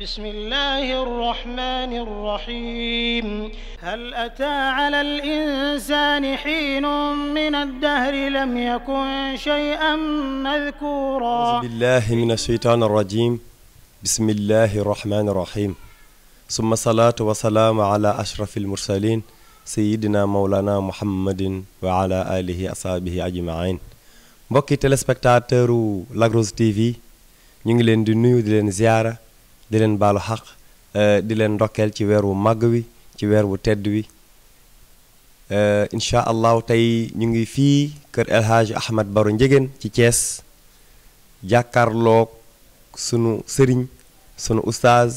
بسم الله الرحمن الرحيم هل أتى على الإنسان حين من الدهر لم يكن شيئا مذكورا بسم الله من الشيطان الرجيم بسم الله الرحمن الرحيم ثم صلاة وسلام على أشرف المرسلين سيدنا مولانا محمد وعلى آله أصحابه أجمعين mbokki تلسبكتاتر Lac تي في ñu ngi زياره di balu baalu xaq di leen ndokkeel ci weer wu màgg wi ci weer tedd wi incha allahu tey ñu ngi fii kër El Hadj Ahmed Baro Ndiéguène ci Thiès jàkkaarloog sunu sëriñ sunu ustaaz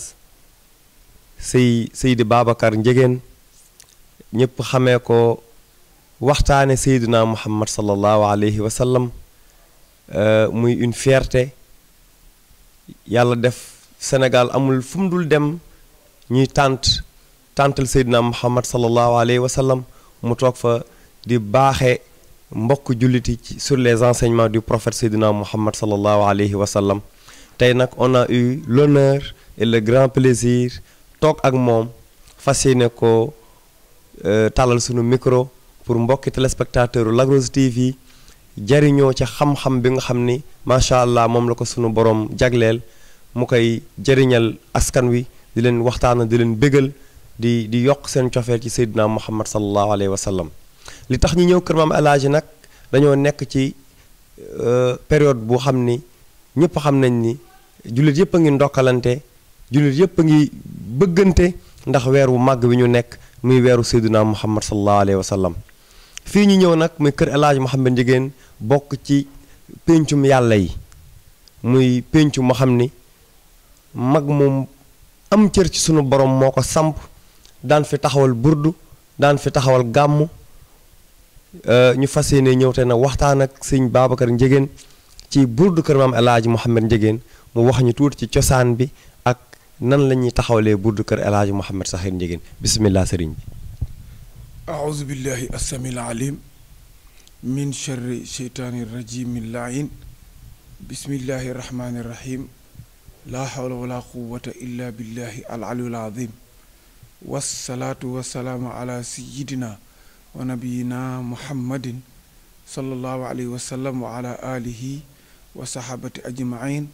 sëy Seydi Babacar Ndiéguène ñëpp xamee ko Muhammad sallallahu alayhi wa sallam muy une fierté yàlla def Sénégal amul fu mu dul dem ñuy tànt tàntal Seydina Muhammad sallallahu alayhi wa sallam mu tok fa di baxé mbokk julliti sur les enseignements du prophète Seydina Muhammad sallallahu alayhi wa sallam tay nak on a eu l'honneur et le grand plaisir tok ak mom fas ko euh, talal sunu micro pour mbokk téléspectateur Lac Rose TV jariño ci xam-xam bi nga xamni ma sha allah mom la ko sunu borom jaglel mu koy jëriñal askan wi di leen waxtaana di leen bégal di di yokk seen cofeel ci seydina muhammad salallahu alayhi wa li tax ñi ñëw kër maam alaaji nag dañoo nekk ci euh, période bu xam ni ñëpp xam nañ ni jullit yëpp a ngi ndokkalante jullit yëpp a ngi bëggante ndax weer wu màgg bi ñu nekk muy weeru seydina muhammad salallahu alayhi wa fii ñu ñëw nag muy kër alaaji muhammad njigéen bokk ci péncum yàlla yi muy péncu moo xam ni mag moom am cër ci sunu borom moo ko samp daan fi taxawal burdu daan fi taxawal gàmmu euh, ñu fas yéene ñëw te na waxtaan ak sëñ Babacar Ndiéguène ci burdu kër maam El Hadj Mouhamed mu wax ñu tuuti ci cosaan bi ak nan lañuy taxawlee taxawalee burdu kër El Hadj Mouhamed Sakhir Ndiéguène bisimilah sëriñ bi. aawuzu billahi assamil alim لا حول ولا قوة إلا بالله العلي العظيم والصلاة والسلام على سيدنا ونبينا محمد صلى الله عليه وسلم وعلى آله وصحابة أجمعين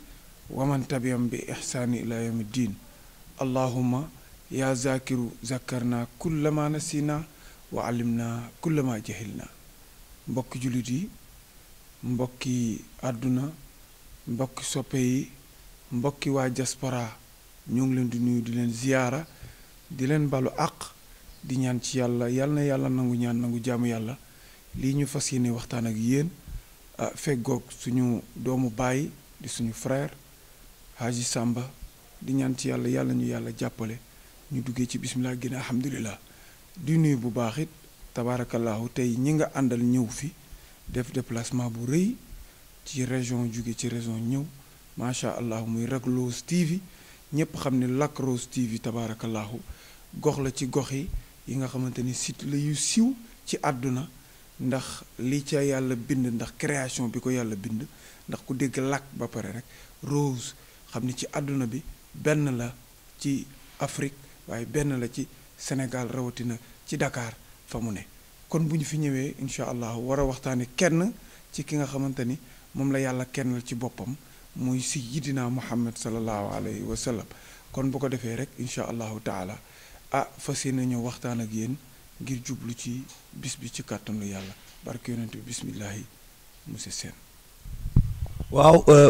ومن تبعهم بإحسان إلى يوم الدين اللهم يا ذاكر ذكرنا كل ما نسينا وعلمنا كل ما جهلنا مبكي جلدي مبكي أردنا مبكي mbokki mbokki waa diaspora ñoo ngi leen di nuyu di leen ziyaara di leen balu àq di ñaan ci yàlla yàlla na yàlla nangu ñaan nangu jaamu yàlla lii ñu fas yéene waxtaan ak yéen ah, feggoog suñu doomu baay di suñu frère Haji Samba di ñaan ci yàlla yàlla ñu yàlla jàppale ñu duggee ci bisimilah gën a di nuyu bu baax it tabaarakallaahu tey ñi nga àndal ñëw fi def déplacement bu rëy ci région jóge ci région ñëw macha allah muy Lac Rose TV ñëpp xam ne Lac Rose TV tabaarakallaahu gox la ci gox yi yi nga xamante ni site la yu siiw ci àdduna ndax li ca yàlla bind ndax création bi ko yàlla bind ndax ku dégg lakk ba pare rek Rose xam ne ci àdduna bi benn la ci Afrique waaye benn la ci Sénégal rawatina ci Dakar fa mu ne kon bu ñu fi ñëwee incha allah war a waxtaane kenn ci ki nga xamante ni moom la yàlla kenn kennal ci boppam muy sayyidina muhammad salallahu alayhi wa kon bu ko defee rek incha allahu taala ah fas yéene ñëw waxtaan ak yéen ngir jublu ci bis bi ci kàttanu yàlla barke yonent bi bismillahi monsieur Sène waaw euh,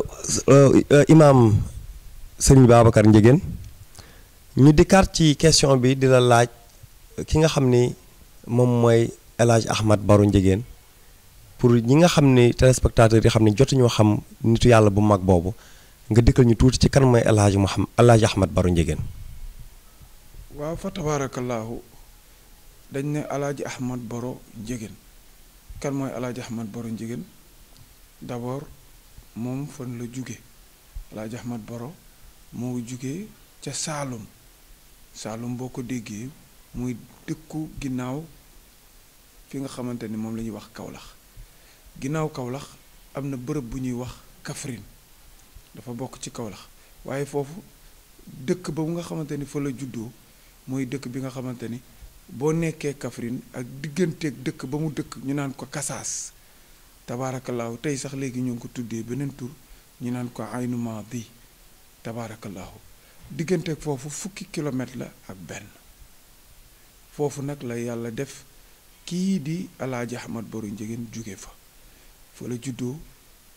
euh, euh, imaam sëriñ Babacar Ndiéguène ñu dikkaat ci question bi di la laaj ki nga xam ni moom mooy El Hadj Ahmad Baro Ndiéguène pour ñi nga xam ne téléspectateurs yi xam ne jotuñoo xam nitu yàlla bu mag boobu nga dikkal ñu tuuti ci kan mooy El Hadj Mouhamed El Hadj waaw fa tabaarakallaahu dañ ne El Hadj boro Baro Ndiéguène kan mooy El Hadj boro Baro Ndiéguène d'abord moom fon la jóge El Hadj boro Baro moo jóge ca Saalum Saalum boo ko déggee muy dëkku ginnaaw fi nga xamante ni moom la ñuy wax kawlax ginnaaw Kaolack am na bërëb bu ñuy wax Kaffrine dafa bokk ci kawlax waaye foofu dëkk ba nga xamante ni fa la juddoo mooy dëkk bi nga xamante ni boo nekkee Kaffrine ak digganteeg dëkk ba mu dëkk ñu naan ko Kasaas tabaarakallaahu tey sax léegi ñu ngi ko tuddee beneen tur ñu naan ko Aynu Maadi tabaarakallaahu digganteeg foofu fukki kilomètre la ak benn foofu nag la yàlla def kii di alaaji Ahmad Boru Njëgéen jóge fa fa la juddoo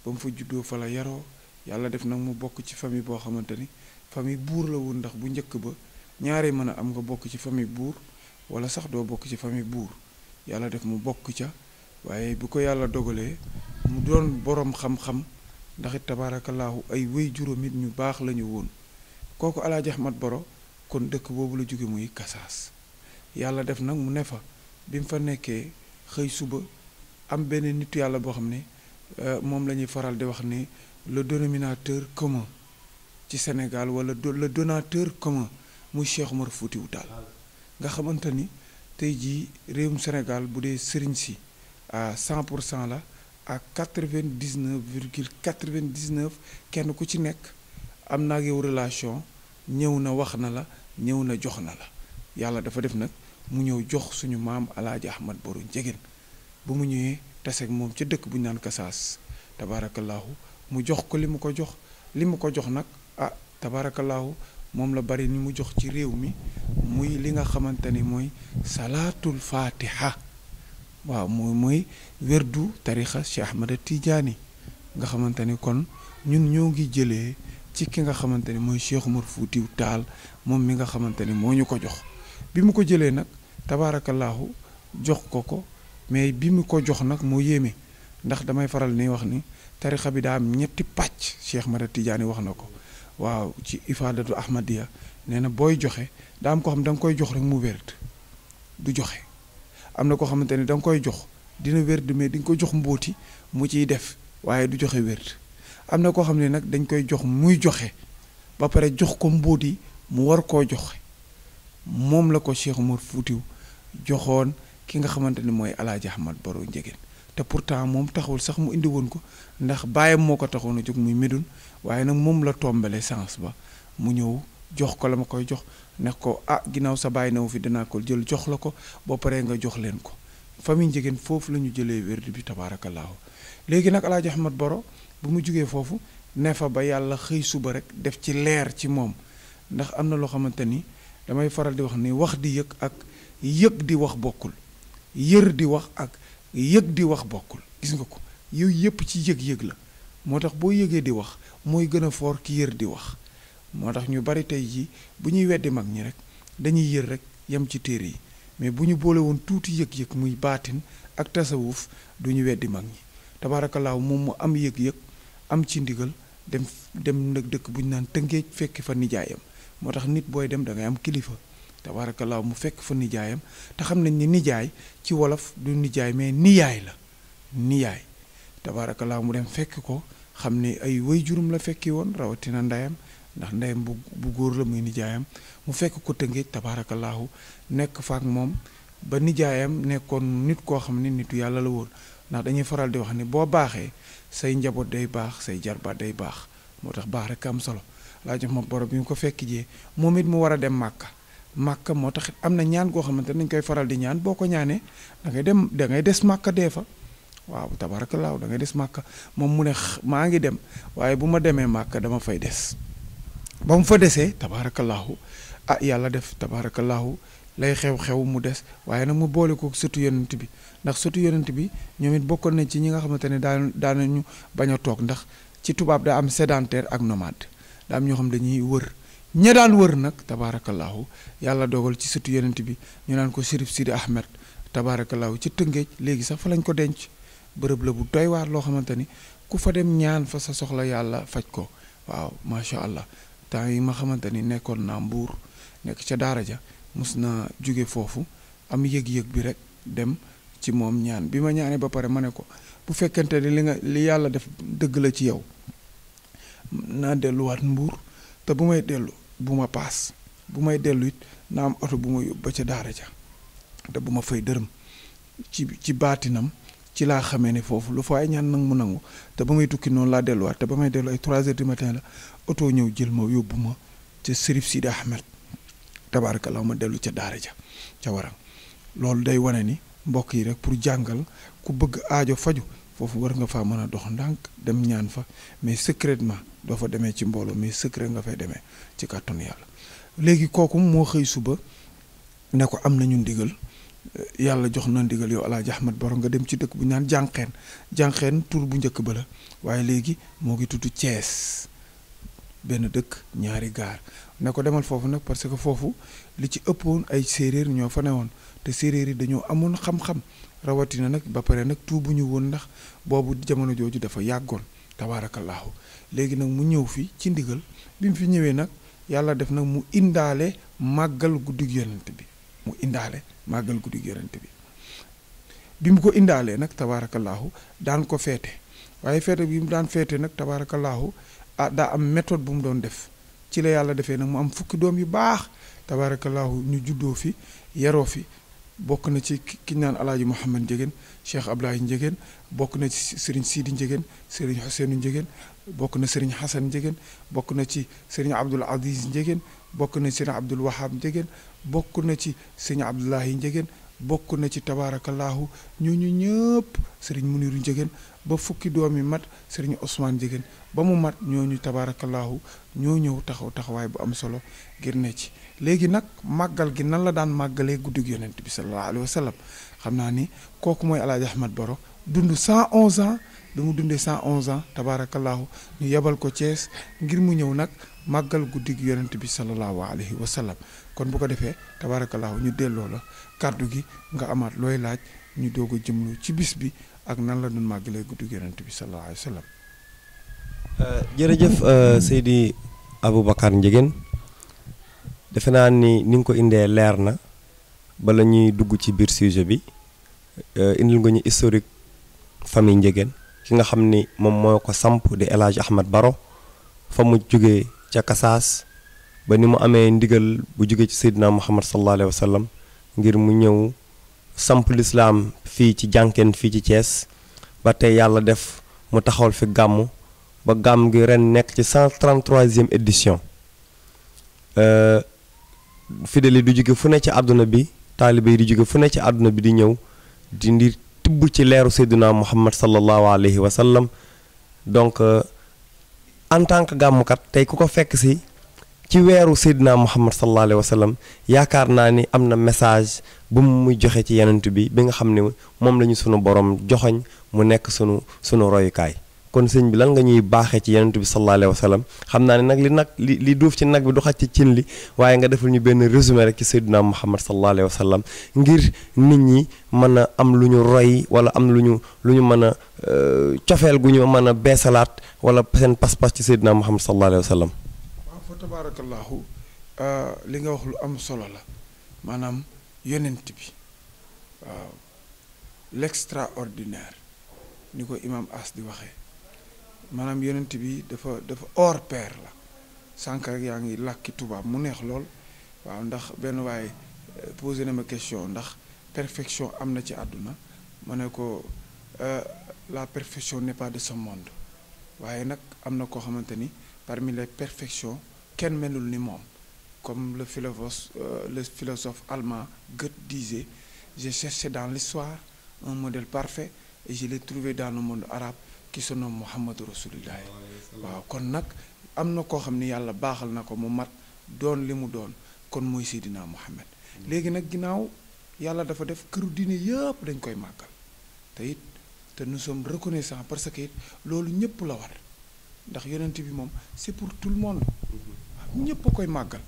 ba mu fa juddoo fa la yaroo yàlla def nag mu bokk ci famille boo xamante ni famille buur la woon ndax bu njëkk ba ñaare mën a am nga bokk ci famille buur wala sax doo bokk ci famille buur yàlla def mu bokk ca waaye bu ko yàlla dogalee mu doon boroom xam-xam ndax it ay wéy juróom ñu baax la ñu woon kooku alaaji Ahmad Boro kon dëkk boobu la jóge muy kasaas yàlla def nag mu ne fa bi mu fa nekkee xëy suba am beneen nit yàlla boo xam ne Euh, moom la ñuy faral di wax ni le dénominateur commun ci Sénégal wala le donateur commun muy Cheikh Omar Foutiou Tall nga xamante ni tey jii réewum Sénégal bu dee sëriñ si à 100 pour cent la ak vingt à 99 virgule 99 kenn ku ci nekk am naa ak relation ñëw na wax na la ñëw na jox na la yàlla dafa def nag mu ñëw jox suñu maam alaaji Ahmad Boru Njegen bu mu ñëwee. taseeg moom ca dëkk bu ñu naan kasaas tabaarakallaahu mu jox ko li mu ko jox li mu ko jox nag ah tabaarakallaahu moom la bari ni mu jox ci réew mi muy li nga xamante ni mooy salaatul faatiha waaw mooy mooy werdu tarixa Cheikh Ahmada Tidiane nga xamante ni kon ñun ñoo ngi jëlee ci ki nga xamante ni mooy Cheikh Umar Fuutiw Taal moom mi nga xamante ni moo ñu ko jox bi mu ko jëlee nag tabaarakallaahu jox ko ko mais bi mu ko jox nag mu yéeme ndax damay faral ni wax ni tarixa bi daa am ñetti pàcc Cheikh Mara Tidiane wax na ko waaw ci ifaadatu ahmadiya nee na booy joxe daa am ko xam da nga koy jox rek mu werd du joxe am na koo xamante ne da koy jox dina werd mais di nga ko jox mbóoti mu ciy def waaye du joxe werd am na koo xam ne nag dañ koy jox muy joxe ba pare jox ko mbóot yi mu war koo jox moom la ko Cheikh Umar Fuutiw joxoon ki nga xamante ni mooy alaaji Ahmad Baro Ndiéguène te pourtant moom taxul sax mu indi woon ko ndax bàyyam moo ko taxoon a jóg muy Médoune waaye nag moom la tombale sens ba mu ñëw jox ko la ma koy jox ne ko ah ginnaaw sa baay na fi danaa ko jël jox la ko ba pare nga jox leen ko famille Ndiéguène foofu la ñu jëlee wérdi bi tabaarakallaahu léegi nag alaaji Ahmad Baro bu mu jógee foofu ne fa ba yàlla xëy suba rek def ci leer ci moom ndax am na loo xamante ni damay faral di wax ni wax di yëg ak yëg di wax bokkul yër di wax ak yëg di wax bokkul gis nga ko yooyu yëpp ci yëg-yëg la moo tax boo yëgee di wax mooy gën a foor ki yër di wax moo tax ñu bari tey jii bu ñuy weddi mag ñi rek dañuy yër rek yem ci téere yi mais bu ñu boole woon tuuti yëg-yëg muy baatin ak tasawuf du ñu weddi mag ñi tabaarakallaahu moom mu am yëg-yëg am ci ndigal dem dem nag dëkk bu ñu naan tëngeej fekki fa nijaayam moo tax nit booy dem da ngay am kilifa tabaarakallaa mu fekk fa nijaayam te xam nañ ni nijaay ci wolof du nijaay mais niyaay la niyaay tabaarakallaa mu dem fekk ko xam ne ay waajuram la fekki woon rawatina ndeyam ndax ndeyam bu bu góor la muy nijaayam mu fekk ko tëngéej tabaarakallaahu nekk fa ak moom ba nijaayam nekkoon nit koo xam ne nitu yàlla la woon ndax dañuy faral di wax ni boo baaxee say njaboot day baax say jarbaat day baax moo tax baax rek am solo laa jox ma borom bi mu ko fekk jee moom it mu war a dem màkka makka moo tax am ñaan go xamante dañ koy faral di ñaan boko ñaané da ngay dem da ngay dess makka defa waaw tabarakallah da ngay dess makka mom mu ne ma ngi dem waye ibu ma makka dama fay des bam fa déssé tabarakallah ah yalla def tabarakallah lay xew-xew mu dess waye na mu bolé ko sutu yonent bi ndax sutu yonent bi ñomit bokkon na ci ñi nga xamante da daan daanañu bañ ndax ci tubab da am sédentaire ak nomade da am ñoo xam dañuy wër ña daan wër nag tabaarakallaahu yàlla dogal ci sëtu yenent bi ñu naan ko Chérif Sidi Ahmed tabaarakallaahu ci Tëngéej léegi sax fa lañ ko denc bërëb la bu doy waar loo xamante ni ku fa dem ñaan fa sa soxla yàlla faj ko waaw macha allah temps yi ma xamante ni nekkoon naa mbuur nekk ca daara ja mus na jóge foofu am yëg-yëg bi rek dem ci moom ñaan bi ma ñaanee ba pare ma ne ko bu fekkente ni li nga li yàlla def dëgg la ci yow naa delluwaat mbuur te bu may dellu bu ma paas bu may dellu it naa am oto bu ma yóbbu ba ca daara ca te bu ma fay dërëm ci ci baatinam ci laa xamee ne foofu lu fa ay ñaan nag mu nangu te ba may tukki noonu laa delluwaat te ba may dellu ay trois heures matin la oto ñëw jël ma yóbbu ma ca Sërif Sidi Ahmed tabaarakallaa ma dellu ca daara ca waral loolu day wane ni mbokk yi rek pour jàngal ku bëgg aajo faju foofu war nga fa mën a dox ndànk dem ñaan fa mais secrètement doo fa demee ci mbooloo mais secret nga fay demee ci kàttanu yàlla léegi kooku moo xëy suba ne ko am nañu ndigal yàlla jox na ndigal yow alaaji ahmad boro nga dem ci dëkk bu ñaan jànqeen jànqeen tur bu njëkk ba la waaye léegi moo ngi tudd Thiès benn dëkk ñaari gaar ne ko demal foofu nag parce que foofu li ci ëppoon ay séeréer ñoo fa ne woon te séeréer yi dañoo amoon xam-xam rawatina nag ba pare nag tuubu ñu woon ndax boobu jamono jooju dafa yàggoon tabaarakallaahu léegi nag mu ñëw fi ci ndigal bi mu fi ñëwee nag yàlla def nag mu indaale màggal guddug yonent bi mu indaale màggal guddug yonent bi bi mu ko indaalee nag tabaarakallaahu daan ko feete waaye feete bi mu daan feete nag tabaarakallaahu ah daa am méthode bu mu doon def ci la yàlla defee nag mu am fukki doom yu baax tabaarakallaahu ñu juddoo fi yaroo fi bokk na ci ki naan alaaji Mouhamed Ndiéguène Cheikh Ablaye njegeen bokk na ci Serigne Sidi Ndiéguène Serigne Ousseynou Ndiéguène bokk na Serigne Hassan Ndiéguène bokk na ci Serigne Abdoul Aziz Ndiéguène bokk na ci Serigne Abdoul Wahab Ndiéguène bokk na ci Serigne Abdoulahi Ndiéguène bokk na ci tabaarakallaahu ñooñu ñëpp Serigne Muniru Ndiéguène ba fukki doom yi mat Serigne Ousmane Ndiéguène ba mu mat ñu tabaarakallaahu ñoo ñëw taxaw taxawaay bu am solo ngir ne ci léegi nag màggal gi nan la daan màggalee guddig yonent bi sallallahu alayhi wa sallam xam naa ni kooku mooy alaaji ahmad boro dund cent onze ans bi mu dundee cent onze ans tabaarakallaahu ñu yebal ko Thiès ngir mu ñëw nag màggal guddig yonent bi sallallahu alayhi wa sallam kon bu ko defee tabaarakallaahu ñu delloo la kàddu gi nga amaat looy laaj ñu doog a jëmlu ci bis bi ak nan la dun màggalee guddig yonent bi sallallahu alayhi wa sallam euh, jërëjëf euh, Seydi Aboubacar Ndiéguène defe naa ni ni nga ko indee leer na bala ñuy dugg ci biir sujet bi euh, indil nga ñu historique famille Ndiéguène ki nga xam ni moom moo ko samp di El Hadj Baro fa mu jugee ca Kasaas ba ni mu amee ndigal bu jugee ci Seydina Muhammad sallallahu alayhi wa ngir mu ñëw samp lislaam fii ci jànkeen fii ci Thiès ba tey yàlla def mu taxawal fi gàmm ba gàmm gi ren nekk ci 133e édition. Euh, fidèle du jóge fu ne ci àdduna bi taalibe yi di jóge fu ne ci àdduna bi di ñëw di ndi tibb ci leeru seyduna muhammad sallallahu alayhi wa sallam donc euh, en tant que gàmmkat tey ku ko fekk si ci weeru seyduna muhammad sallallahu alayhi wa sallam yaakaar naa ni am na message bu muy joxe ci yenent bi bi nga xam ne moom lañu sunu borom joxoñ mu nekk sunu sunu royukaay kon sëñ bi lan nga ñuy baaxee ci yonent bi sallallahu alayhi wa sallam xam naa ne nag li nag li li duuf ci nag bi du xaj ci cin li waaye nga defal ñu benn résumé rek ci sayyiduna Muhammad sallallahu alayhi wa sallam ngir nit ñi mën a am lu ñu roy wala am lu ñu lu ñu mën a euh, cofeel gu ñu mën a beesalaat wala seen pas-pas ci sayyiduna Muhammad sallallahu alayhi wa sallam. waaw fa tabaarakallaahu euh, li nga wax lu am solo la maanaam yonent bi waaw l'extraordinaire ni ko imaam As di waxee. manam yonent bi dafa dafa hors père la sànq rek yaa ngi làkki a, mu neex lol waaw ndax benn waaye euh, poser na ma question ndax perfection amna ci aduna ma ne euh, la perfection n'est pas de ce monde waye nak amna ko xamanteni parmi les perfections ken melul ni mom comme le philosophe euh, le philosophe allemand Goethe disait j'ai cherché dans l'histoire un modèle parfait et je l'ai trouvé dans le monde arabe ki sunu muhammadu rasulillah waaw kon nag am na koo xam ni yàlla baaxal na ko mu mat doon li mu doon kon mooy Seydina Muhammad léegi nag ginnaaw yàlla dafa def këru diine yëpp dañ koy màggal te it te nous sommes reconnaissants parce que it loolu ñëpp la war ndax yonent bi moom c'est pour tout le monde ñëpp a koy màggal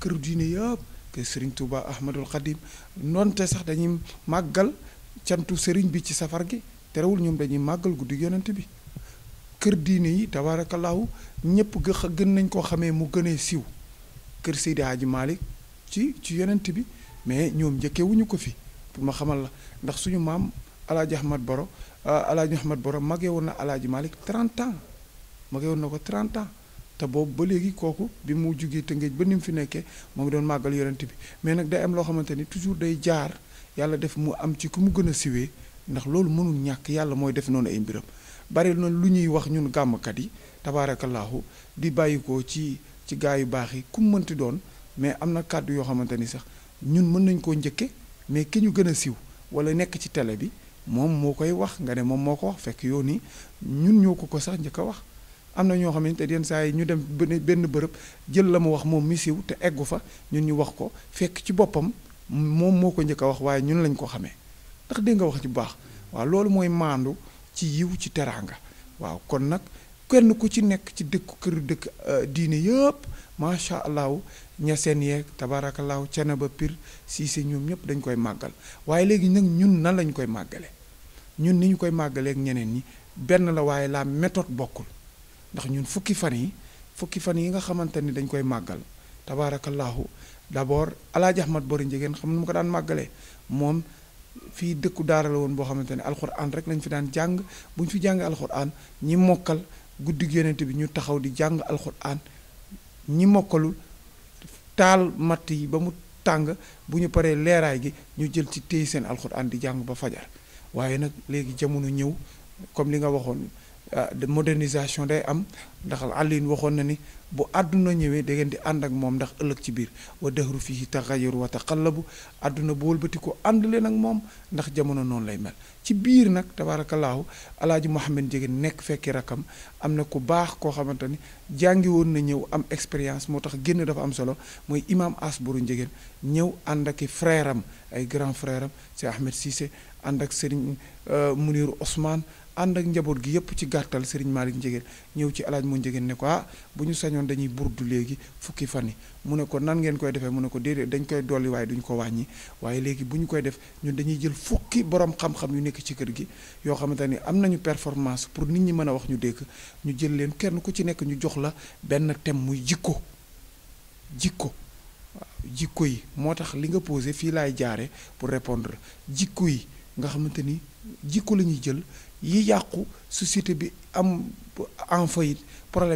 këru diine yëpp kër Serigne Touba Ahmadul Khadim noonte sax dañuy màggal cantu Serigne bi ci safar gi. terewul ñoom dañuy màggal guddi yonent bi kër diine yi tabaarakallaahu ñëpp gën nañ koo xamee mu gënee siw kër Seydi Hadji Malick ci ci yonent bi mais ñoom njëkkewuñu ko fi pour ma xamal la ndax suñu maam alaaji Ahmad Boro euh, alaaji Ahmad Boro magee woon na alaaji Malick 30 ans magee woon na ko 30 ans te boobu ba léegi kooku bi mu jugee Tëngéej ba ni mu fi nekkee moo ngi doon màggal yonent bi mais nag day am loo xamante ni toujours day jaar yàlla def mu am ci ku mu gën a siwee ndax loolu mënul ñàkk yàlla mooy def noonu ay mbiram bari na lu ñuy wax ñun gàmmkat yi tabaarakallaahu di bàyyi ko ci ci gaa yu baax yi ku mënti doon mais am na kàddu yoo xamante ni sax ñun mën nañ koo njëkke mais ki ñu gën a siw wala nekk ci tele bi moom moo koy wax nga ne moom moo ko wax fekk yow nii ñun ñoo ko ko sax njëkk a wax am na ñoo xamante den saa yi ñu dem benn bërëb jël la mu wax moom mi siw te eggu fa ñun ñu wax ko fekk ci boppam moom moo ko njëkk wax waaye ñun lañ ko xamee ndax dégg nga wax ci bu baax waaw loolu mooy maandu ci yiw ci teraanga waaw kon nag kenn ku ci nekk ci dëkku kër dëkk euh, diine yëpp macha allahu ñaseen yeeg tabaarakallaahu cene ba piir pir siise ñoom ñëpp dañ koy màggal waaye léegi nag ñun nan lañ koy màggale ñun ni ñu koy màggaleeg ñeneen yi benn la waaye laa méthode bokkul ndax ñun fukki fan yi fukki fan yi nga xamante ni dañ koy màggal tabaarakallaahu d'abord alaaji ahmad bori njegéen xam nu mu ko daan màggalee moom Fi dëkku daara la woon boo xamante ne alxuraan rek lañ fi daan jàng bu ñu fi jàng alxuraan ñi mokkal guddi yonent bi ñu taxaw di jàng Al ñi mokkalul taal matt yi ba mu tàng bu ñu paree leeraay gi ñu jël ci téy seen alxuraan di jàng ba fajar waaye nag léegi jamono ñëw comme li nga waxoon Ah, de modernisation day am ndax àllin waxoon na ni bu àdduna ñëwee da ngeen di ànd ak moom ndax ëllëg ci biir wa dëhru fii taxayaru wa taxallabu àdduna bu wëlbati ko ànd leen ak moom ndax jamono noonu lay mel ci biir nag tabaarakallaahu alaaji Mouhamed Ndiéguène nekk fekki rakam am na ku baax koo xamante ni jàngi woon na ñëw am expérience moo tax génn dafa am solo mooy imaam Asbourou Ndiéguène ñëw ànd ak i ay grand frère am c'est Ahmed Cissé ànd ak Serigne euh, Mounirou Ousmane Anda ak njaboot gi yep ci gàttal Serigne malik Ndiéguène ñew ci alaaj mu Ndiéguène ne ko ah buñu sañon dañuy burdu legi fukki fani mu ne ko nan ngeen koy defé mu ne ko dede dañ koy doli way duñ ko wañi waye legi buñ koy def ñun dañuy jël fukki borom xam-xam yu nekk ci kër gi yo xamante am nañu performance pour nit ñi mëna wax ñu dekk ñu jël leen kenn ku ci nekk ñu jox la benn tem muy jikko jikko jikko yi motax li nga poser fi lay pour répondre jikko yi nga xamante jikko lañuy jël yi yàqu société bi am en faillite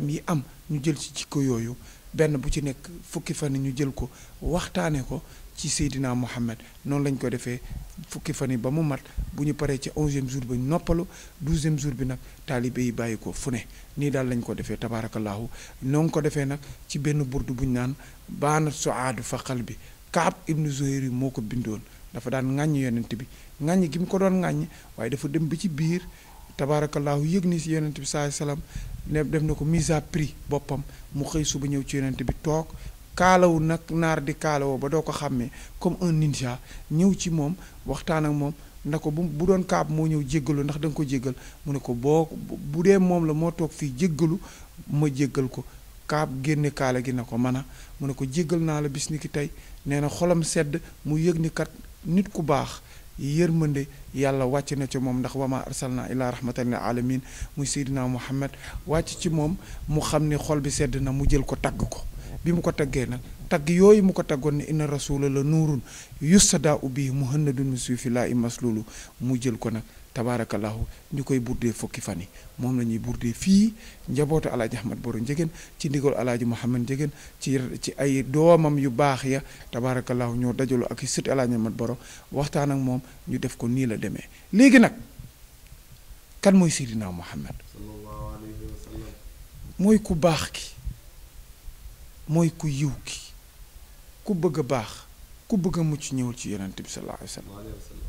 yi am ñu jël ci jikko yooyu benn bu ci nekk fukki fan ñu jël ko waxtaane ko ci Seydina Mohamed noonu lañ ko defee fukki fan yi ba mu mat bu ñu paree ci onzième jour bi noppalu douzième jour bi nag taalibe yi bàyyi ko fu ne nii daal lañ ko defee tabaarakallaahu noo ngi ko defee nag ci benn burdu bu ñu naan baanat soaadu faqal bi Kaab ibnu Zuhayr moo ko bindoon dafa daan ŋàññ yonent bi ŋàññ gi mu ko doon ŋàññ waaye dafa dem ba ci biir tabaarakallaahu yëg ni si yonent bi saa selam ne def na ko mise à prix boppam mu xëy suba ñëw ci yonent bi toog kaalawu nag naar di kaalawoo ba doo ko xàmmee comme un ninja ñëw ci moom waxtaan ak moom na ko bu bu doon kaab moo ñëw jéggalu ndax danga ko jéggal mu ne ko boo bu dee moom la moo toog fii jéggalu ma jéggal ko kaab génne kaala gi na ko mën a mu ne ko jéggal naa la bis tey nee na xolam sedd mu yëg ni kat nit ku baax yërmande yàlla wàcc na ci moom ndax wama arsalna ila rahmatan lil alamin muy seydina muhammad wàcc ci moom mu xam ni xol bi sedd na mu jël ko tagg ko bi mu ko taggee nag tagg yooyu mu ko taggoon ne inna rasula la nuurun yustadaa u bii muhannadun mi suy fi laa i maslulu mu jël ko nag tabarakallahu ñu koy burde fukki fani mom Fi, burde fi burdee fii ahmad boro jegen ci ndigal alaaji mohammed jegen ci ci ay domam yu bax ya tabarakallahu ñoo dajaloo ak sit alaaji ahmad boro waxtaan ak mom ñu def ko ni la nak kan moy sidina mohammed moy ku bax ki moy ku yiw ki ku bëgg bax ku bëgg mucc ci yaronte bi sallallahu alayhi wasallam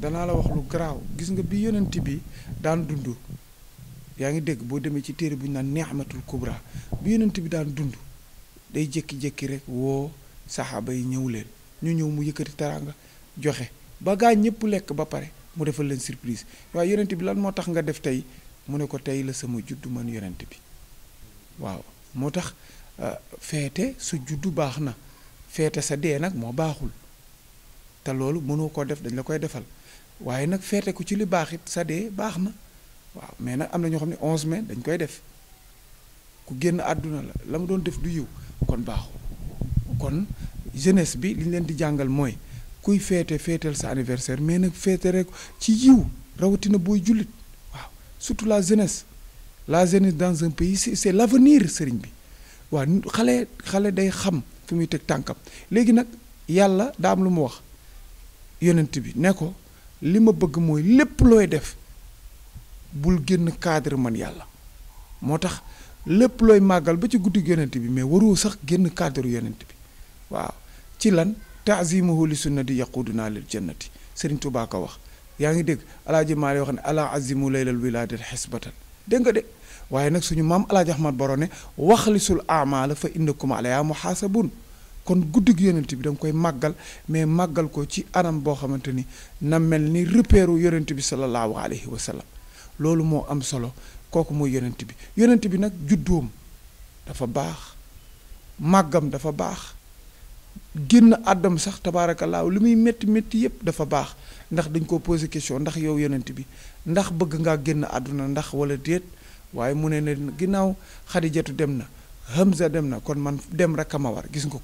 danaa la wax lu garaaw gis nga bi yonent bi daan dund yaa ngi dégg boo ci téere bu ñu naan kubra bi yonent bi daan dund day jékki-jékki rek wo saxaaba yi ñëw leen ñu ñëw mu yëkkati teraanga joxe ba gaa ñëpp lekk ba pare mu defal leen surprise waaye yonent bi lan moo nga def tey mu ne ko tey la sama juddu man yonent bi waaw euh, su juddu baax sa dee nag moo baaxul te loolu mënoo def dañ la koy defal waaye nag feete ko ci lu baax it sa dee baax na waaw mais nag am na ñoo xam ne 11 mais dañ koy def ku génn àdduna la la mu doon def du yiw kon baaxu kon jeunesse bi li leen di jàngal mooy kuy feete feetal sa anniversaire mais nag feete rek ci yiw rawatina booy jullit waaw surtout la jeunesse la jeunesse dans un pays c'est c'est l'avenir sëriñ bi waaw xale xale day xam fi muy teg tànkam léegi nag yàlla daa am lu mu wax yonent bi ne ko. li ma bëgg mooy lépp looy def bul génn cadre man yàlla moo tax lépp looy màggal ba ci guddi yonent bi mais waroo sax génn cadre yonent bi waaw ci lan taazimuhu na di yaquduna lil jannati sëriñ Tuubaa ko wax yaa ngi dégg alaaji maali wax ne ala azimu laylal wilaadati xisbatan dégg nga de waaye nag suñu maam alaaji ahmad boro ne wax lisul amaala fa innakum alaya muhaasabun kon guddi gi yonent bi danga koy màggal mais màggal ko ci anam boo xamante ni na mel ni repéeru yonent bi sallallahu alayhi wa sallam loolu moo am solo kooku mooy yonent bi yonent bi nag juddoom dafa baax màggam dafa baax génn àddam sax tabaarakallaahu li muy métti métti yépp dafa baax ndax dañ ko posé question ndax yow yonent bi ndax bëgg ngaa génn àdduna ndax wala déet waaye mu ne ne ginnaaw xadijatu dem na Hamza dem na kon man dem rek a ma war gis nga ko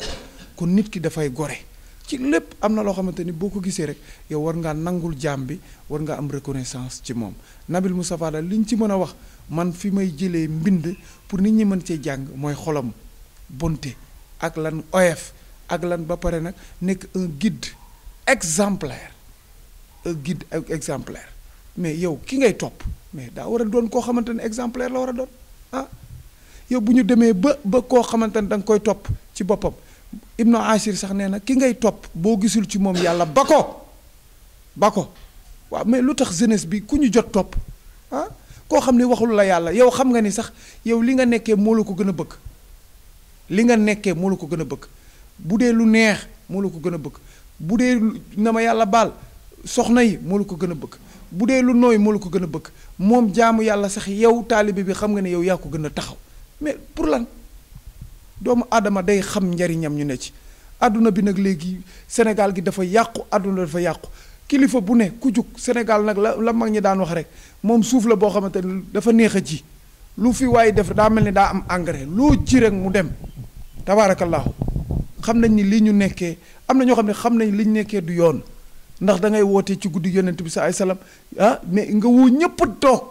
kon nit ki fay gore ci lepp amna lo xamanteni boko gisé rek yow war nga nangul jambi, war nga am reconnaissance ci mom Nabil mustafa la liñ ci mëna wax man fi may jëlé mbind pour nit ñi mën ci jang moy xolam bonté ak lan oef ak lan ba paré nak nek un guide exemplaire un guide e-, exemplaire mais yow ki ngay top mais da wara doon ko xamanteni exemplaire la wara doon ah yow buñu démé ba ba ko xamanteni dang koy top ci bopam ibnu asir sax nee na ki ngay topp boo gisul ci moom yàlla ba ko ba ko waaw mais lu tax jeunesse bi ku ñu jot topp ah koo xam ne waxul la yàlla yow xam nga ni sax yow li nga nekkee moo la ko gën a bëgg li nga nekkee moo ko gën a bëgg bu dee lu neex moo la ko gën a bëgg bu dee na ma yàlla baal soxna yi moo ko gën a bëgg bu dee lu nooy moo la ko gën a bëgg moom jaamu yàlla sax yow taalibe bi xam nga ne yow yaa ko gën a taxaw mais pour lan doomu aadama day xam njariñam ñu ne ci àdduna bi nag léegi Sénégal gi dafa yàqu àdduna dafa yàqu kilifa bu ne ku jug Sénégal nag la la mag ñi daan wax rek moom suuf la boo xamante ni dafa neex a ji lu fi waaye def daa mel ni daa am engrais loo ji rek mu dem tabaarakallaahu xam nañ ni li ñu nekkee am na ñoo xam ne xam nañ li nekkee du yoon ndax da ngay woote ci guddi yonent bi ay salaam ah mais nga woo ñëpp toog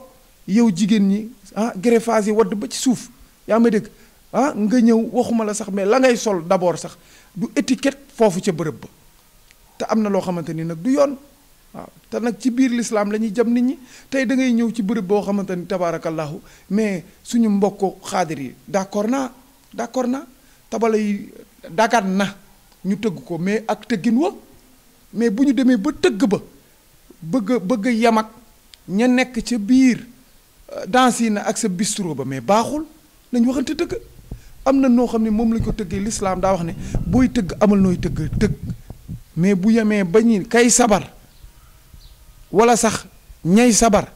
yow jigéen ñi ah greffage yi wadd ba ci suuf yaa ma dégg ah nga ñew waxuma la sax mais la ngay sol d'abord sax du étiquette fofu ci bërëb ba te amna lo xamanteni nak ni du yoon waaw te nak ci biir l'islam la jëm nit ñi tay da ngay ñew ci bërëb bo xamanteni ni mais suñu mbokk xaadir yi d'accord na d'accord na tabalay dagat na ñu tegg ko mais ak teggin wa mais buñu démé ba tegg ba bëgg bëgg yamak ña nekk ci biir euh, dansina na ak sa bistro ba mais baxul nañ waxante deug am na noo xam ne moom lañ ko tëggee lislaam daa wax ne booy tëgg amal nooy tëgg tëgg mais bu yemee ba ñu kay sabar wala sax ñay sabar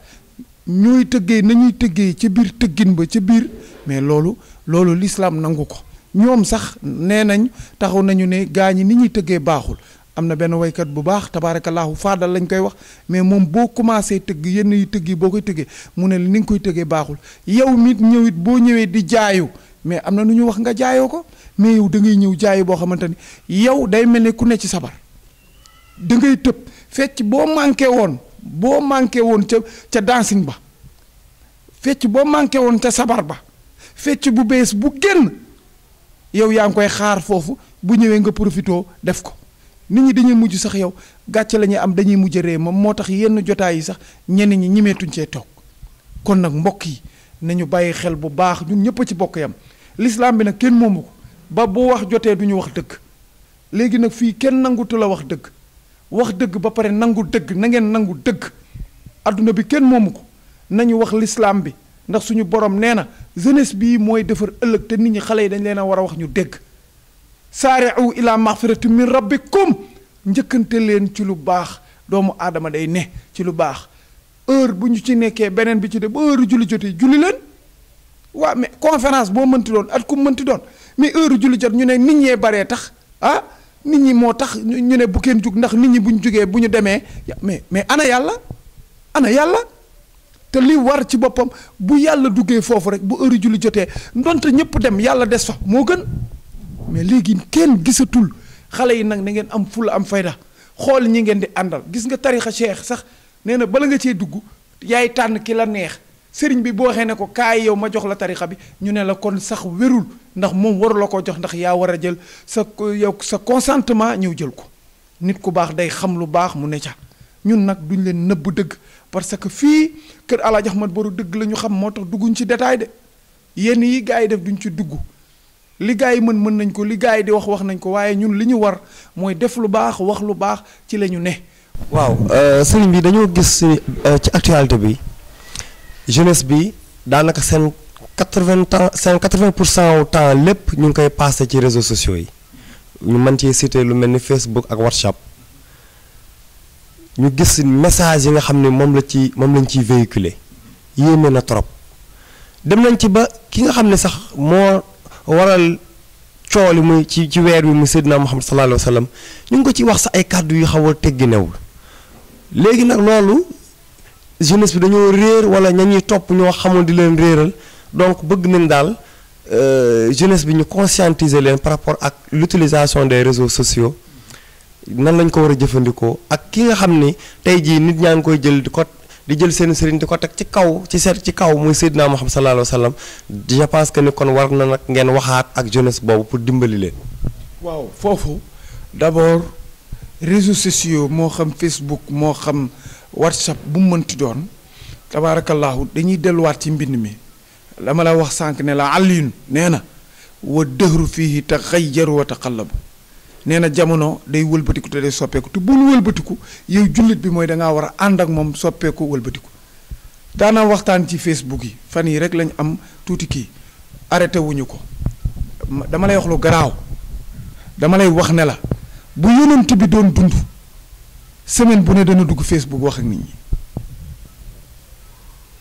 ñooy tëggee nañuy tëggee ca biir tëggin ba ca biir mais loolu loolu lislaam nangu ko ñoom sax nee nañ taxaw nañu ne gaa ñi ni ñuy tëggee baaxul am na benn waykat bu baax tabaarakallaahu faadal lañ koy wax mais moom boo commencé tëgg yenn yi tëgg yi boo koy tëggee mu ne ni nga koy tëggee baaxul yow mit ñëwit boo ñëwee di jaayu mais am na nu ñu wax nga jaayoo ko mais yow da ngay ñëw jaay boo xamante ni yow day mel ne ku ne ci sabar da ngay tëb fecc boo manqué woon boo manqué woon ca ca dancing ba fecc boo manqué woon ca sabar ba fecc bu bees bu génn yow yaa ngi koy xaar foofu bu ñëwee nga profitoo def ko nit ñi dañuy mujj sax yow gàcce la ñuy am dañuy mujj ree moom moo tax yenn jotaay yi sax ñenn ñi ñimeetuñ cee toog kon nag mbokk yi nañu bàyyi xel bu baax ñun ñëpp ci bokk yam l'islam bi nak kenn momuko ba bu wax joté duñu wax deug légui nak fi kenn nangutu la wax deug wax deug ba paré nangu deug na ngeen nangu deug aduna bi kenn momuko nañu wax l'islam bi ndax suñu borom néna jeunesse bi moy defar ëlëk té nit ñi xalé yi dañ leena wara wax ñu deug sari'u ila min rabbikum leen ci lu baax doomu adama day ne ci lu baax heure buñu ci benen bi ci de heure julli jotté julli leen waaw mais conférence boo mënti doon at ku mënti doon mais heure julli jot ñu ne nit ñee baree tax ah nit ñi moo tax ñu ne bu kenn jug ndax nit ñi bu ñu jugee bu ñu demee mais mais ana yàlla ana yàlla te li war ci boppam bu yàlla duggee foofu rek bu heure julli jotee ndont ñëpp dem yàlla des fa moo gën mais léegi kenn gisatul xale yi nag na ngeen am fulla am fayda xool ñi ngeen di àndal gis nga tarixa cheikh sax nee na bala nga cee dugg yaay tànn ki la neex sëriñ bi boo waxee ne ko kaay yow ma jox la tarixa bi ñu ne la kon sax wérul ndax moom warula la koo jox ndax yaa war a jël sa yow sa consentement ñëw jël ko nit ku baax day xam lu baax mu ne ca ñun nag duñ leen nëbb dëgg parce que fii kër Alaaji Ahmad Baro dëgg la ñu xam moo tax dugguñ ci détail de yenn yi gars yi def duñ ci dugg li gars yi mën mën nañ ko li gars yi di wax wax nañ ko waaye ñun li ñu war mooy def lu baax wax lu baax ci la ñu ne. waaw euh, sëriñ bi dañoo gis ci euh, actualité bi. jeunesse bi daanaka seen quatre vingt temps seen quatre-vingts pour cent wu temps lépp ñu ngi koy passé ci réseau sociaux yi ñu mën cee cité lu mel ni Facebook ak WhatsApp ñu gis message yi nga xam ne moom la ci moom lañ ciy véhiculer yéeme na trop dem nañ ci ba ki nga xam ne sax moo waral coow li muy ci ci weer bi mu Seydina Muhammad sallallahu alayhi wa sallam ñu ngi ko ci wax sa ay kàddu yu xaw a tegginewul léegi nag loolu jeunesse bi dañoo réer wala ña ñuy topp ñoo xamul di leen réeral donc bëgg nañ daal euh, jeunesse bi ñu conscientiser leen par rapport ak l'utilisation des réseaux sociaux nan lañ ko war a jëfandikoo ak ki nga xam ni tey jii nit ñaa ngi koy jël di ko di jël seen sëriñ di ko teg ci kaw ci seet ci kaw muy Seydina Muhammad sallallahu alayhi wa sallam je pense que ni kon war na nag ngeen waxaat ak jeunesse boobu pour dimbali leen. waaw foofu d'abord réseaux sociaux moo xam Facebook moo xam. whatsapp bu mu mënti doon tabaarakallaahu dañuy delluwaat ci mbind mi dama la wax sànq ne la àlliyun nee na wa dëhru fii taxayyaru wa taqallabu nee na jamono day wëlbatiku te day soppeeku te bu ñu wëlbatiku yow jullit bi mooy da ngaa war a ànd ak moom soppeeku wëlbatiku daanaa waxtaan ci facebook yi fan yi rek lañ am tuuti kii arrêté wuñu ko dama lay wax lu garaaw dama lay wax ne la bu yonent bi doon dund semaine bu ne dana dugg Facebook wax ak nit ñi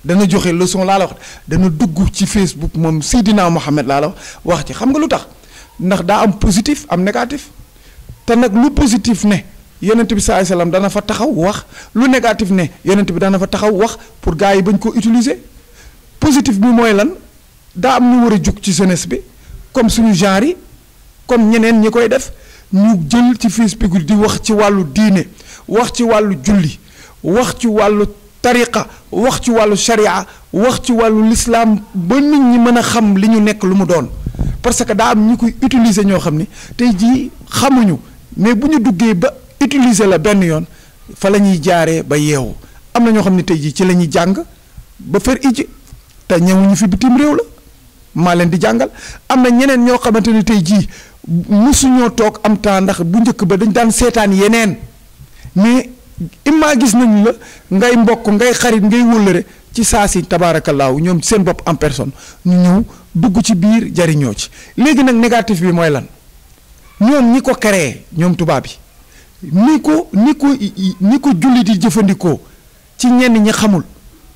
dana joxe leçon laa la wax dana dugg ci Facebook moom Seydina Mohamed laa la wax ci xam nga lu tax ndax daa am positif am négatif te nag lu positif ne yonent bi saa salaam dana fa taxaw wax lu négatif ne yonent bi dana fa taxaw wax pour gars yi bañ ko utiliser positif bi mooy lan daa am ñu war a jug ci jeunesse bi comme suñu genre yi comme ñeneen ñi koy def ñu jël ci Facebook di wax ci wàllu diine. wax ci wàllu julli wax ci wàllu tariqa wax ci wàllu sharia wax ci wàllu lislaam ba nit ñi mën a xam li ñu nekk lu mu doon parce que daa am ñu koy utiliser ñoo xam ni tey jii xamuñu mais bu ñu duggee ba utiliser la benn yoon fa la ñuy jaaree ba yeewu am na ñoo xam ne tey jii ci la ñuy jàng ba fer te ñëwuñu fi bitim réew la maa leen di jàngal am na ñeneen ñoo xamante ne tey jii musuñoo toog am temps ndax bu njëkk ba dañ daan seetaan yeneen mais imma gis nañu la ngay mbokk ngay xarit ngay wóllëre ci saa si tabaarakallaahu ñoom seen bopp en personne ñu ñëw dugg ci biir jariñoo ci léegi nag négatif bi mooy lan ñoom ñi ko créé ñoom tubaab yi ni ko ni ko ni ko julli di jëfandikoo ci ñenn ñi xamul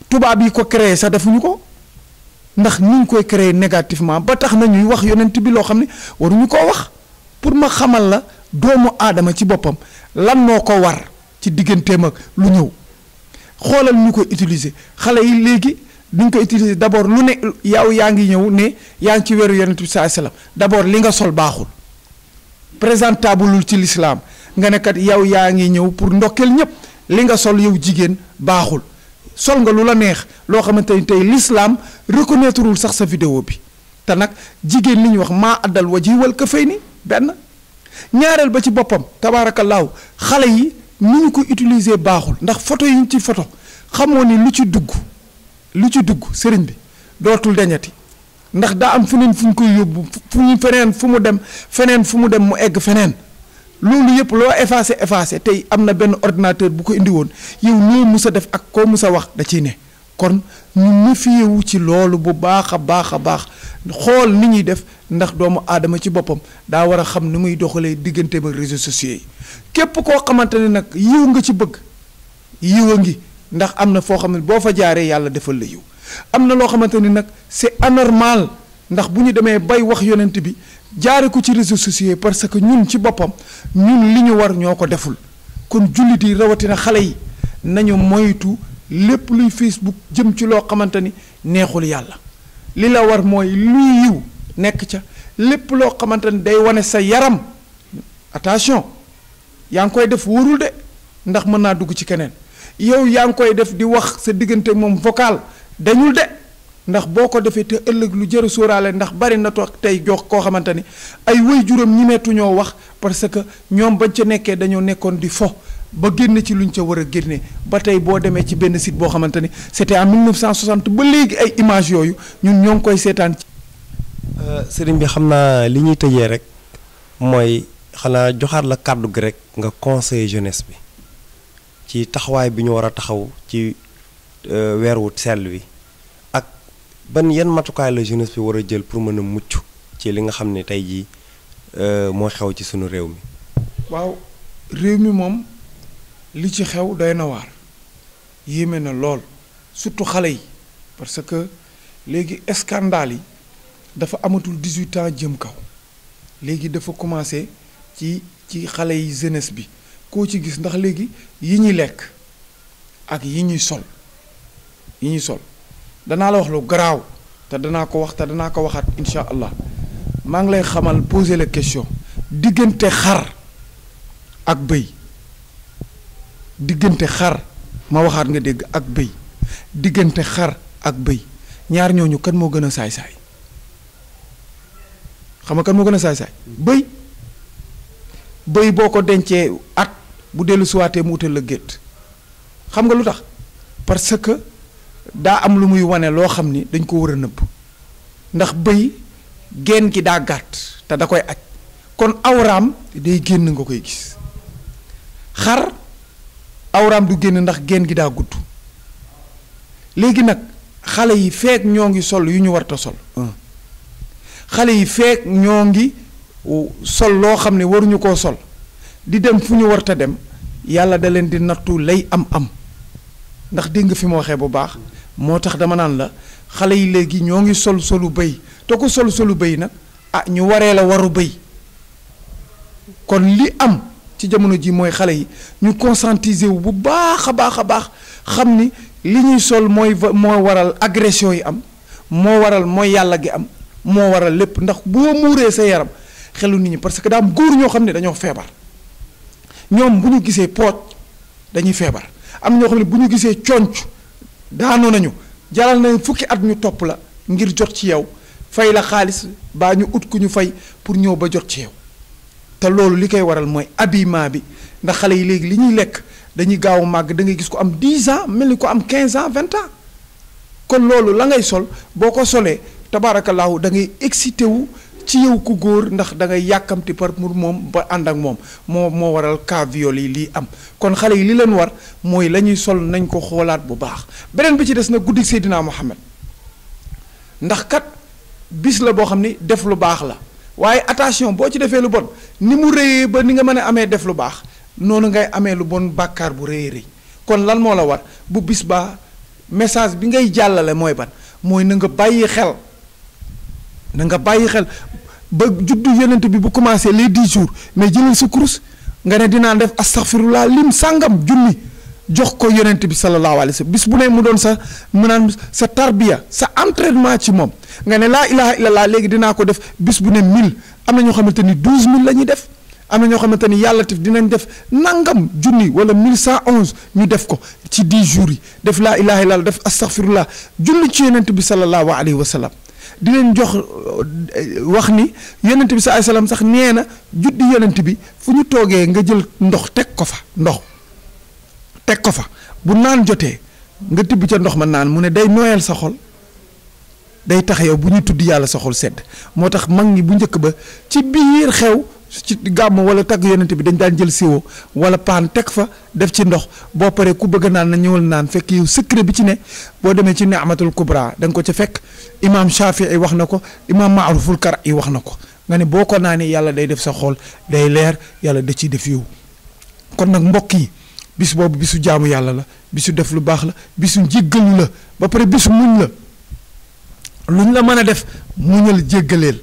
tubaab yi ko créé sax defuñu ko ndax ñu ngi koy créé négativement ba tax na ñuy wax yonent bi loo xam ne waruñu koo wax pour ma xamal la doomu aadama ci boppam lan moo ko war ci digganteem ak lu ñëw xoolal ñu koy utiliser xale yi léegi duñ ko utiliser d' abord lu ne yow yaa ngi ñëw ne yaa ngi ci weeru yonent sa saa salaam d' abord li nga sol baaxul présentableul ci lislaam nga nekkat kat yow yaa ngi ñëw pour ndokkeel ñëpp li nga sol yow jigéen baaxul sol nga lu la neex loo xamante ni tey lislaam reconnaîtrewul sax sa vidéo bi te nag jigéen li ñu wax maa addal waji wal ka fay ni benn ñaareel ba ci boppam tabaarakallaahu xale yi mu ñu ko utiliser baaxul ndax foto yi ñu ci photo xamoo ni lu ci dugg lu ci dugg sëriñ bi dootul deñeti ndax daa am feneen fu ñu koy yóbbu fu ñu feneen fu mu dem feneen fu mu dem mu egg feneen loolu yëpp loo effacé effacé tey am na benn ordinateur bu ko indi woon yow noo mus a def ak koo mus a wax da ciy ne. kon ñu méfie wu ci loolu bu baax a baax a baax xool ni ñuy def ndax doomu aadama ci boppam daa war a xam ni muy doxalee diggante ba réseau sociaux yi képp koo xamante ne nag yiw nga ci bëgg yiw a ngi ndax am na foo xam ne boo fa jaaree yàlla defal la yiw am na loo xamante ni nag c'est anormal ndax bu ñu demee bay wax yonent bi jaare ko ci réseaux sociaux parce que ñun ci boppam ñun li ñu war ñoo ko deful kon jullit yi rawatina xale yi nañu moytu lépp luy Facebook jëm ci loo xamante ni neexul yàlla li la war mooy luy yiw nekk ca lépp loo xamante ni day wane sa yaram attention yaa ngi koy def warul de ndax mën naa dugg ci keneen yow yaa ngi koy def di wax sa diggante moom vocal dañul de ndax boo ko defee te ëllëg lu jëru sóoraale ndax bari na toog tey jox koo xamante ni ay way juróom ñi meetu ñoo wax parce que ñoom bañ ca nekkee dañoo nekkoon di fo ba génn ci luñ ca war a génne ba tey boo demee ci benn site boo xamante ni c'était en 1960 ba léegi ay images yooyu ñun ñoo ngi koy seetaan ci. Euh, sëriñ bi xam naa li ñuy tëjee rek mooy xalaa joxaat la kàddu gi rek nga conseiller jeunesse bi ci taxawaay bi ñu war a taxaw ci euh, weeru sell wi ak ban yan matukaay la jeunesse bi war a jël pour mën a mucc ci li nga xam ne tey jii euh, moo xew ci sunu réew mi. waaw réew mi moom. li ci xew day na waar yéeme na lool surtout xale yi parce que léegi scandale dafa amatul 18 ans jëm kaw léegi dafa commencé ci ci xale yi jeunesse bi koo ci gis ndax léegi yi ñuy lekk ak yi ñuy sol yi ñuy sol danaa la wax lu garaaw te danaa ko wax te danaa ko waxaat incha allah maa ngi lay xamal poser la question diggante xar ak bëy digënté xar ma waxat nga dégg ak bëy digënté xar ak bëy ñaar ñoñu kan mo gëna say say, xam kan mo gëna say say bëy bëy boko ko at bu délu suwaté mu utal la xam nga lutax parce que da am lu muy wone lo xamni dañ ko wëra ndax bëy ki da gatt ta da koy kon awram day génn nga koy gis xar awraam du génn ndax génn gi daa gudd léegi nag xale yi feek ñoo ngi sol yu ñu warta sol xale yi feek ñoo ngi sol loo xam ne waruñu koo sol di dem fu ñu warta dem yàlla da leen di nattu lay am am ndax dégg nga fi mu waxee bu baax moo tax dama naan la xale yi léegi ñoo ngi sol solu bëy te ko sol solu bëy nag ah ñu waree la waru bëy kon li am ci jamono ji mooy xale yi ñu conscientiser wu bu baax a baax a baax xam ni li ñuy sol mooy moo waral agression yi am moo waral mooy yàlla gi am moo waral lépp ndax boo muuree sa yaram xelu nit ñi parce que daa am góor ñoo xam ne dañoo feebar ñoom bu ñu gisee pooj dañuy feebar am ñoo ne bu ñu gisee conc daanoo nañu jalal nañ fukki at ñu topp la ngir jot ci yow fay la xaalis baa ñu ut ku ñu fay pour ñëw ba jot ci yow te loolu li koy waral mooy habillement bi ndax xale yi léegi li ñuy lekk dañuy gaaw màgg da ngay gis ko am 10 ans mel ni ko am 15 ans 20 ans kon loolu la ngay sol boo ko solee tabaarakallaahu da ngay excité wu ci yow ku góor ndax da ngay yàkkamti par pour moom ba ànd ak moom moo moo waral cas viol yi lii am kon xale yi li leen war mooy la ñuy sol nañ ko xoolaat bu baax beneen bi ci des nag guddi Seydina Muhammad ndax kat bis la boo xam ni def lu baax la. waaye attention boo ci defee lu bon ni mu réyee ba ni nga mën a amee def lu baax noonu ngay amee lu bon bàkkaar bu réy réy kon lan moo la war bu bis baa message bi ngay jàllale mooy ban mooy na nga bàyyi xel na nga bàyyi xel ba juddu yonent bi bu commencé les 10 jours mais sa nga ne dinaa def astaghfirullah lim sàngam junni jox ko yonent bi sallallahu alayhi wa sallam bis bu ne mu doon sa maanaam sa tarbiya sa entraînement ci moom nga ne laa ilaha illallah léegi dinaa ko def bis bu ne mille am na ñoo xamante ni douze mille la ñuy def am na ñoo xamante ni yàlla tif dinañ def nangam junni wala mille cent onze ñu def ko ci dix jours yi def laa ilaha illallah def astaghfirullah julli ci yonent bi sallallahu alayhi wa sallam di leen jox euh, wax ni yonent bi sa alayhi wa sallam sax nee na juddi yonent bi fu ñu toogee nga jël ndox teg ko fa ndox teg ko fa bu naan jotee nga tibb ca ndox ma naan mu ne day nooyal sa xol day tax yow bu ñu tudd yàlla sa xol sedd moo tax mag ñi bu njëkk ba ci biir xew ci gàmm wala tagg yonent bi dañ daan jël siwo wala paan teg fa def ci ndox boo paree ku bëgg naan na ñëwal naan fekk yow secret bi ci ne boo demee ci ni'matul kubra da nga ko ca fekk imaam Shafii wax na ko imaam maaruful kar yi wax na ko nga ne boo ko naanee yàlla day def sa xol day leer yàlla da ciy def yow kon nag mbokk yi bis boobu bisu jaamu yàlla la bisu def lu baax la bisu jéggalu la ba pare bisu muñ la luñ la mën a def muñal jéggaleel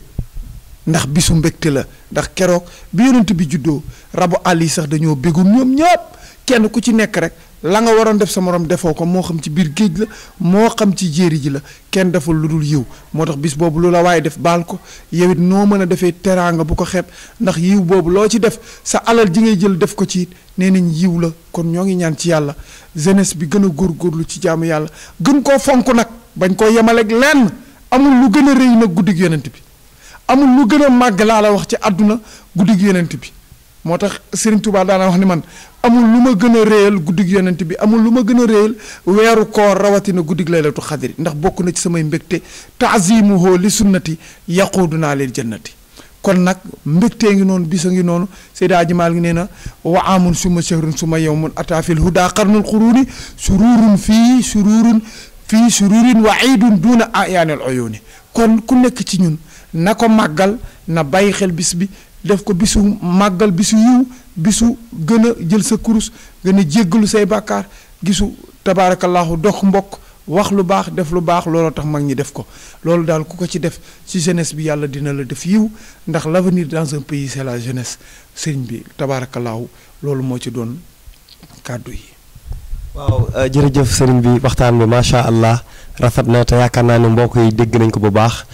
ndax bisu mbegte la ndax keroog bi yonent bi juddoo rabu àll yi sax dañoo bégu ñoom ñëpp kenn ku ci nekk rek la nga waroon def sa morom defoo ko moo xam ci biir géej la moo xam ci jéeri ji la kenn deful lu dul yiw moo tax bis boobu lu la waaye def baal ko yow it noo mën a defee teraanga bu ko xeeb ndax yiw boobu loo ci def sa alal ji ngay jël def ko ci nee nañ yiw la kon ñoo ngi ñaan ci yàlla jeunesse bi gën a góor góorgóorlu ci jàmm yàlla gën koo fonk nag bañ koo yemaleeg lenn amul lu gën a rëy nag guddi yonent bi amul lu gën a màgg laa la wax ci àdduna guddig yonent bi moo tax Serigne Touba daana wax ni man amul lu ma gën a réyal guddi yonent bi amul lu ma gën a réyal weeru koor rawatina guddig laylatu xadri ndax bokk na ci samay mbégte taazimuhu li sunnati yaquudunaa lil jannati kon nag mbëgtee ngi noonu bisa ngi noonu Seyda Jimaal ngi nee na wa amun suma shahrun suma yowmun atafil huda qarnul quruni sururun fii sururun fii sururin wa iidun duuna ayaanil uyuni kon ku nekk ci ñun na ko màggal na bàyyi xel bis bi def ko bisu màggal bisu yiw bisu gën a jël sa kurus gën a jéggalu say bàkkaar gisu tabaarakallaahu dox mbokk wax lu baax def lu baax looloo tax mag ñi def ko loolu daal ku ko ci def ci jeunesse bi yàlla dina la def yiw ndax l'avenir dans un pays c'est la jeunesse sëriñ bi tabaarakallaahu loolu moo ci doon kàddu yi. waaw euh, jërëjëf sëriñ bi waxtaan bi macha allah rafet na te yaakaar naa ne mbokk yi dégg nañ ko bu baax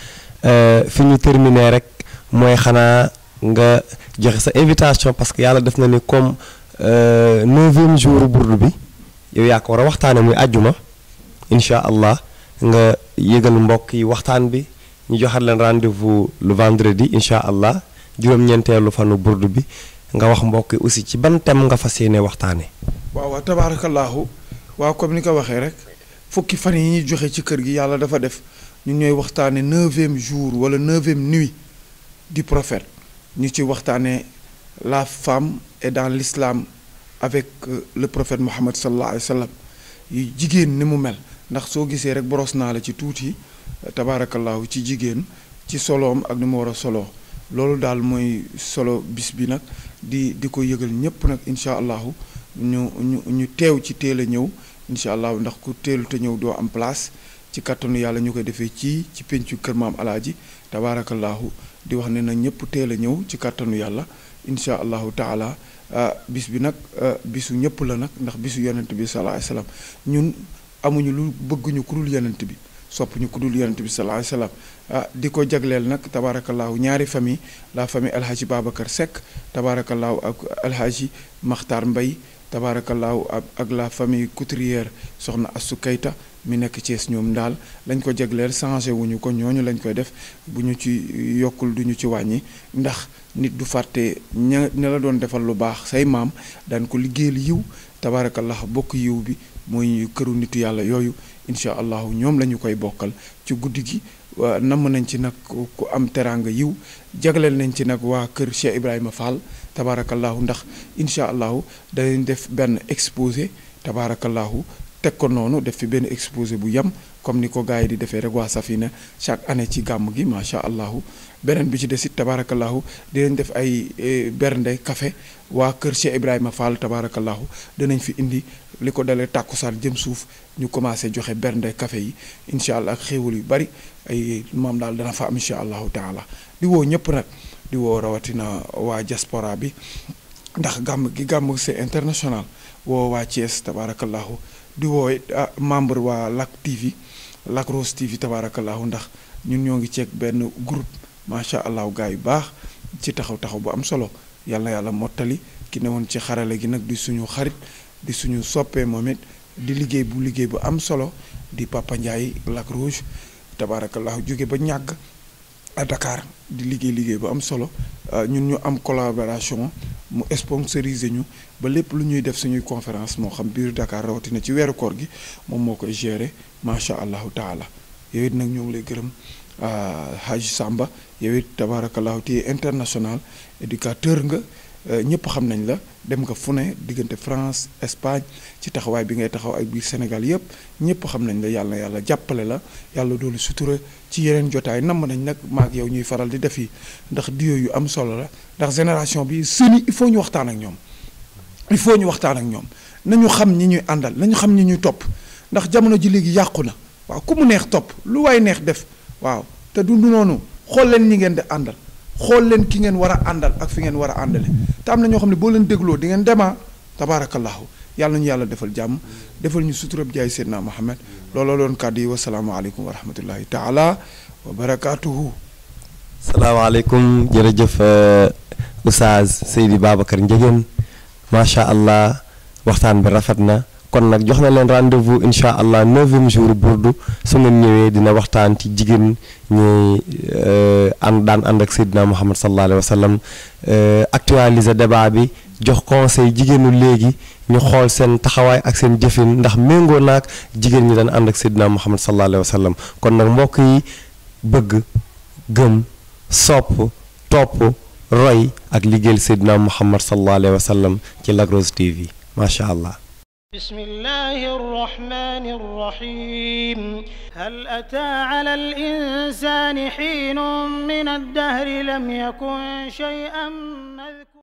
euh, fi ñu terminé rek. moy xana nga joxe sa invitation parce que yàlla def na ni comme euh neuvième jour burdu bi yow ya ko wara waxtane muy aljuma insha allah nga yëgal mbok yi waxtaan bi ñu joxaat len rendez-vous le vendredi insha allah juroom ñentelu fanu burdu bi nga wax mbok yi aussi ci ban tem nga fasiyene waxtane wa wa tabarakallah wa waaw comme ni ko waxe rek fukki fan yi ñuy joxe ci kër gi yàlla dafa def ñun ñoy waxtane 9e jour wala 9e nuit du prophète ñu ci waxtane la femme est dans l'islam avec euh, le prophète Mohammed sallallahu alayhi wasallam yi jigen ni mu mel ndax so gisee rek boros na la ci touti tabarakallah, ci jigen, ci solom ak ni mo war a dal loolu solo bis bi nak di di ko ñepp nak inshallah ñu ñu tew nyu, ci teel a ñëw incha ndax ku teelu te ñew do am place ci kàttanu yalla ñu defé ci ci pencu kër mam aladi tabaarakallaahu di wax ne na ñëpp teel a ñëw ci kàttanu yàlla incha allahu taala ah, bis bi nag ah, bisu ñëpp la nag ndax bisu yonent bi sallallahu alayhi ñun amuñu lu bëgguñu ku dul yonent bi sopp ñu ku dul yonent bi sallallahu alayhi wasallam ah di ko jagleel nag tabaarakallaahu ñaari famille la famille alhaji Babacar Seck tabaarakallaahu ak alhaji Makhtar mbay tabaarakallaahu ak la famille couturière soxna Assou Kayta mi nekk Thiès ñoom daal lañ ko jagleel changé wuñu ko ñooñu lañ koy def bu ñu ci yokkul duñu ci wàññi ndax nit du fàtte ña ña la doon defal lu baax say maam daan ko liggéeyal yiw tabarakallah bokk yiw bi mooy këru nitu yàlla yooyu incha allahu ñoom la ñu koy bokkal ci guddi gi namm nañ ci nag ku am teraanga yiw jagleel nañ ci nag waa kër Cheikh Ibrahima Fall tabarakallahu ndax incha allahu danañ def benn exposé tabarakallahu teg ko noonu def fi benn exposé bu yem comme ni ko gars yi di defee rek waa Safina chaque année ci gàmm gi macha allahu beneen bi ci des it tabaarakallahu dinañ def ay e, bernde kafe waa kër Cheikh Ibrahima Fall tabaarakallahu danañ fi indi li ko dalee tàkkusaan jëm suuf ñu commencé joxe bernde kafe yi incha allah ak yu bari ay moom daal dana fa am incha allahu taala di woo ñëpp nag di woo rawatina waa diaspora bi ndax gàmm gi gàmm c'est international woo waa Thiès tabaarakallahu di woowe ah, membre waa Lac TV Lac Rose TV tabaarakallaahu ndax ñun ñoo ngi ceeg benn groupe macha allah gaa yu baax ci taxaw taxaw bu am solo yàlla yàlla mottali ki ne woon ci xarale gi nag di suñu xarit di suñu soppee moom it di liggéey bu liggéey bu am solo di Papa Ndiaye Lac Rouge tabaarakallaahu jóge ba ñàgg à Dakar di liggéey liggéey bu am solo euh, ñun ñu am collaboration mu sponsoriser ñu ba lépp lu ñuy def suñuy conférence moo xam biir Dakar rawatina ci weeru koor gi moom moo koy gérer macha allahu taala yooyu nag ñoo ngi lay gërëm euh, Haji Samba yow it tabaarakallahu téye international éducateur nga. Euh, ñëpp xam nañ la dem nga fu ne diggante France Espagne ci taxawaay bi ngay taxaw ak biir Sénégal yëpp ñëpp xam nañ la yàlla yàlla jàppale la yàlla doolu sutura ci yeneen jotaay namm nañ nag maak yow ñuy faral di def yi ndax diyo yu am solo la ndax génération bi seni il faut ñu waxtaan ak ñoom il faut ñu waxtaan ak ñoom na ñu xam ñi ñuy àndal nañu xam ñi ñuy topp ndax jamono ji léegi yàqu na waaw ku mu neex topp lu waay neex def waaw te du noonu xool leen ñi ngeen di àndal xool leen ki ngeen war a àndal ak fi ngeen war a àndale te am na ñoo xam ne boo leen dégloo di ngeen demaa tabaarakallaahu yàlla ñu yàlla defal jàmm defal ñu suturab jaay Seydina Mohamed looloo doon kàddu yi wasalaamaaleykum wa rahmatullahi taala wa barakaatuhu. salaamaaleykum jërëjëf euh, Oustaz Seydi Babacar Ndiéguène macha allah waxtaan bi rafet na. kon nag jox na leen rendez-vous incha allah neuvième jour Burdu su ngeen ñëwee dina waxtaan ci jigéen ñuy euh, ànd ak Seydina Muhammad sallallahu alayhi wa sallam euh, actualiser débat bi jox conseil jigéenu léegi ñu xool seen taxawaay ak seen jëfin ndax méngoo naag jigéen ñi daan ànd ak Seydina Muhammad sallallahu alayhi wa sallam kon nag mbokk yi bëgg gëm sopp topp roy ak liggéeyal Seydina Muhammad sallallahu alayhi wa ci Lac Rose TV macha allah. بسم الله الرحمن الرحيم هل أتى على الإنسان حين من الدهر لم يكن شيئا مذكرا